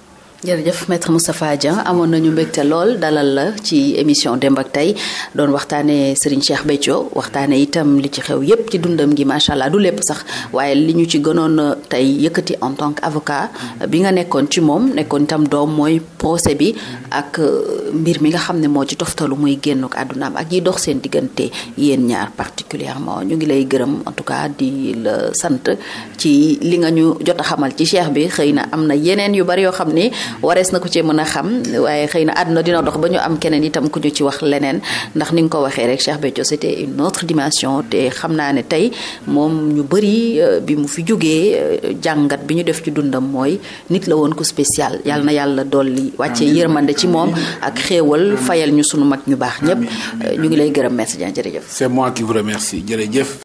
jërëjëf maître Moustapha Dieng amoon nañu mbégte lool dalal la ci émission Demb ak Tay doon waxtaanee Serigne Cheikh Béthio waxtaanee itam li ci xew yépp ci dundam gi macha allah du lépp sax waaye li ñu ci gënoon tey yëkkati en tant que avocat bi nga nekkoon ci moom nekkoon itam doom mooy procès bi ak euh, mbir mi nga xam ne moo ci toftalu muy génn ak àddunaam ak yi dox seen diggante yéen ñaar particulièrement ñu ngi lay gërëm en tout cas di la sant ci li nga ñu jot a xamal ci Cheikh bi xëy na am na yeneen yu bari yoo xam ni warees na ko cee mën a xam waaye xëy na àdduna dina dox ba ñu am keneen itam ku ñu ci wax leneen ndax ni nga ko waxee rek Cheikh Béthio c'était une autre dimension te xam naa ne tey moom ñu bëri euh, bi mu fi jógee euh, jàngat bi ñu def ci dundam mooy nit la woon ko spécial yàlla na yàlla dolli wàccee yërmande ci moom ak xéewal fayal ñu sunu mag ñu baax ñépp euh, ñu ngi lay gërëm merci Dieng jërëjëf. C'est moi qui vous remercie jërëjëf.